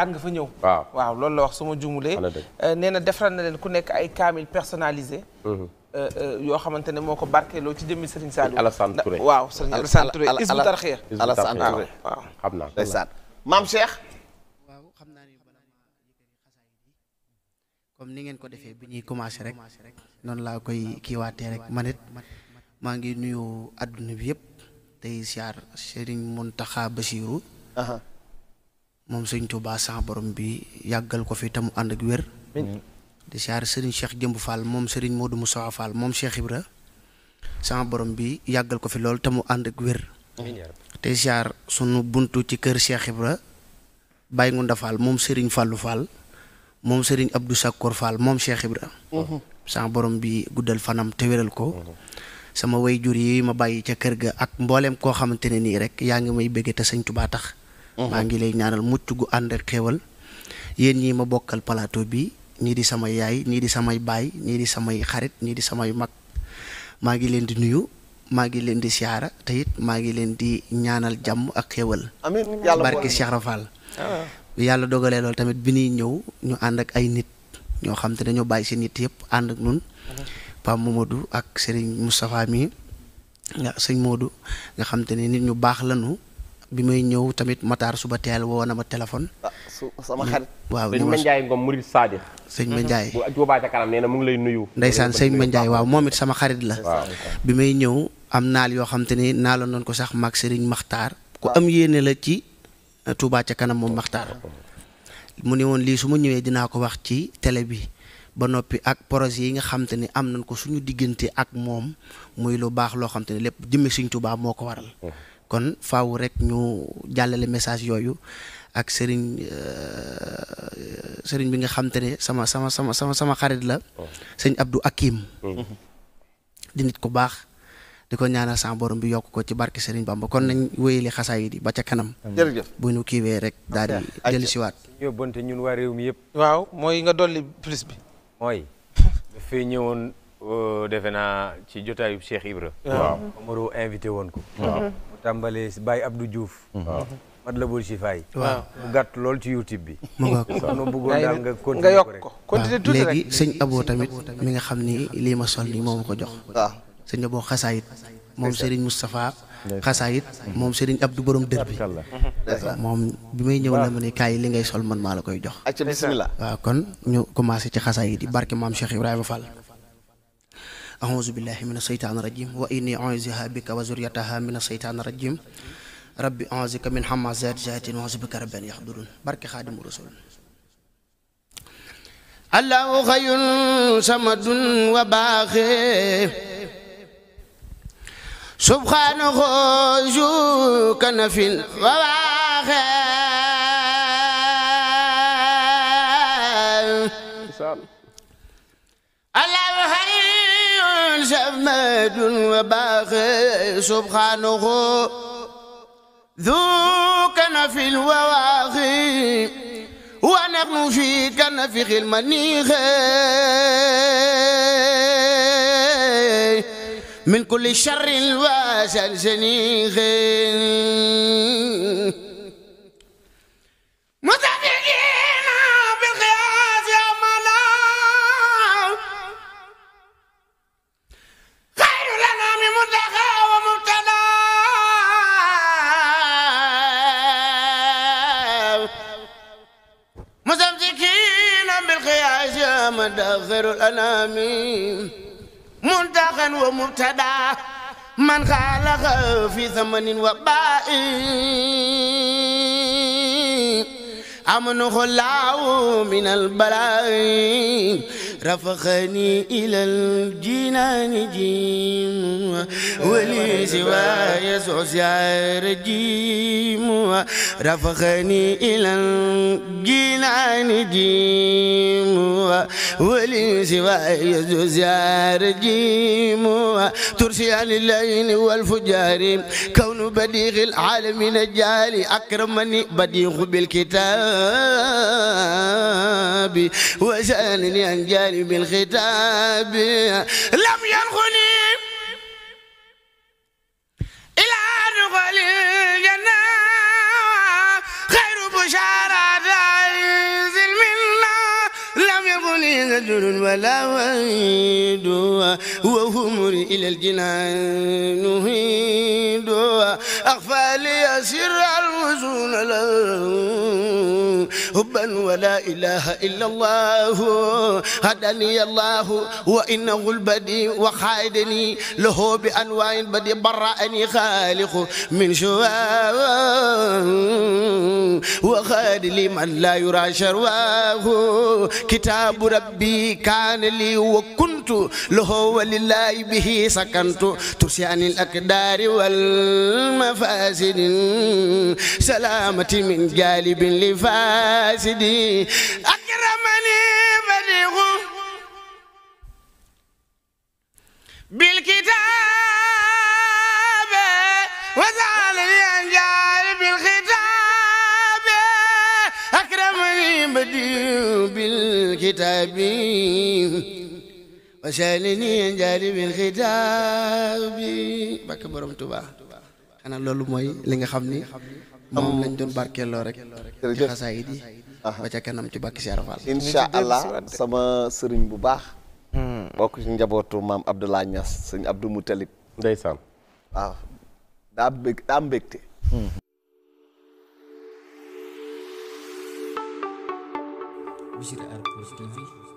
at nga fa ñëw. waaw waaw loolu la wax su ma juumulee. Euh, nee na defaral na leen ku nekk ay kaamil personnalisé. Mhm. Euh, euh, yoo xamante ne moo ko barkeeloo ci jëmmi Serigne Saliou. Alassane Touré waaw Serigne Alassane Touré Isbu Tarxiya. Alassane Touré waaw xam naa ndeysaan maam Cheikh. waaw xam naa ni ni ngeen ko defee bi ñuy commencé rek noonu laa koy kiiwaatee rek man it maa ngi nuyu adduna bi yëpp tey siyaar Serigne Mountakha Bassirou. moom sëñ Touba sax borom bi yàggal ko fi te mu ànd ak wér. di siyaar sëriñ Cheikh Jëmb Fall moom sëriñ Modou Moussa Fall moom Cheikh Ibra sax borom bi yàggal ko fi lool te mu ànd ak wér. te siyaar sunu buntu ci kër Cheikh Ibra Baye Ngunda Fall moom sëriñ Fallou Fall moom sëriñ Abdou Sakkour Fall moom Cheikh Ibra. Mhm. sax borom bi guddal fanam te wéral ko. Mhm. sama way jur yi ma bàyyi ca kër ga ak mbooleem koo xamante ne nii rek yaa ngi may bëgg te sëñ Touba tax. Mm-hmm. maa ngi lay ñaanal mucc gu ànd ak xéewal yéen ñi ma bokkal palaato bi ñii di samay yaay ñii di samay baay ñii di samay xarit ñii di samay mag maa ngi leen di nuyu maa ngi leen di siyaara te it maa ngi leen di ñaanal jàmm ak xéewal amiin yàlla barke Cheikh ah. yàlla dogalee tamit bi ñuy ñëw ñu ànd ak ay nit ñoo xam te dañoo bàyyi seen nit yëpp ànd ak nun mm-hmm. Pape Mamadou ak Serigne Moustapha mi nga sëñ Modou nga xam te ne nit ñu baax lanu bi may ñëw tamit Matar suba teel woo na ma téléphone. Ah, su sama mm. waaw sëñ Mandiaye Ngom Mouride Sadikh. sëñ Mandiaye. bu Touba ca ngi lay nuyu. ndeysaan sëñ Mandiaye waaw moom it sama xarit la. bi may ñëw am naal yoo xam te ne naaloon nañ ko sax mag Serigne maxtaar ku am yéene la ci uh, Touba ca kanam moom Makhtar. mu ne woon lii su ma ñëwee dinaa ko wax ci télé bi. ba noppi ak projet yi nga xam te am nañ ko suñu diggante ak moom muy lu baax loo xam ne lépp jëmmi Sëñ Tuubaa moo ko waral mm. kon faaw rek ñu jàllale message yooyu ak sëriñ euh, sëriñ bi nga xam ne sama sama sama sama sama xarit la oh. sëñ abdu Akim mm-hmm. di nit ko baax di ko ñaanal sa bi yokk ko ci barke Serigne Bamba kon nañ wéyale xasaay yi ba ca kanam. jërëjëf bu ñu kiiwee rek. daal di dellusiwaat. yóbbante ñun waa réew mi yëpp. waaw mooy nga dolli plus bi. mooy. dafay ñëwoon euh, defe naa ci jotaayu Cheikh Ibra invité woon ko. waaw mm-hmm. tàmbalee si Baye Abdou Diouf. Mhm. waaw Matlabul Chifaay. waaw bu gàtt lool ci YouTube bi. mu nga ko nu bëggoon daal nga continuer ko rek. continuer tuuti rek léegi sëñ Abo tamit mi nga xam ni lii ma sol nii moom ko jox. waaw sëñ Abo xasaayit moom Serigne Moustapha. xasaayit moom Serigne Abdou borom dër bi. moom bi may ñëw la ma ne kaay li ngay sol man maa la koy jox. bismillah kon ñu commencé ci xasaayit yi barke maam Cheikh Ibrahima Fall. أعوذ بالله من الشيطان الرجيم وإني أعوذها بك وزريتها من الشيطان الرجيم ربي أعوذك من حمزات زيت وأعوذ بك رب أن يحضرون بارك خادم الرسول الله خير سمد وباخي سبحانه ذو كنف وواخي الله خير سماد وباغي سبحانه ذو كنف الواغي ونحن في كنف المنيخ من كل شر وسلسنيخ أحمد خير الأنام منتقى ومبتدا من خالق في زمن وباء أمن خلاه من البلاء رفقني إلى الجنان جيم ولي سواي سعسع رجيم رفقني إلى الجنان جيم ولي سواي سعسع رجيم ترسي عن اللين والفجار كون بديغ العالم نجالي أكرمني بديغ بالكتاب وسألني عن جاي الجوهر بالختاب لم يدخلي إلى دخل الجنة خير بشارة عزل منا لم يدخلي زجر ولا ويد وهم إلى الجنان نهيد أخفى لي سر الوزن له حبا ولا إله إلا الله هداني الله وإنه البديع وخادني له بأنواع بديع برأني خالق من شواه وخاد لي من لا يرى شرواه كتاب ربي كان لي وكنت له ولله به سكنت ترسي عن الأقدار والمفاسد سلامتي من جالب لفاسد قاسدي أكرمني بديغ بالكتاب وزعل الأنجال بالختاب أكرمني بديغ بالكتاب وسالني أنجال بالختاب بك برمتبه xanaa loolu mooy li nga xam ni moom lañ doon barkeeloo rek ci xasaayid yi ba ci bàkki Cheikh Fall incha allah sama sëriñ bu baax hmm. bokk ci njabootu maam Abdoulaye Niass sëñ Abdou Moutalib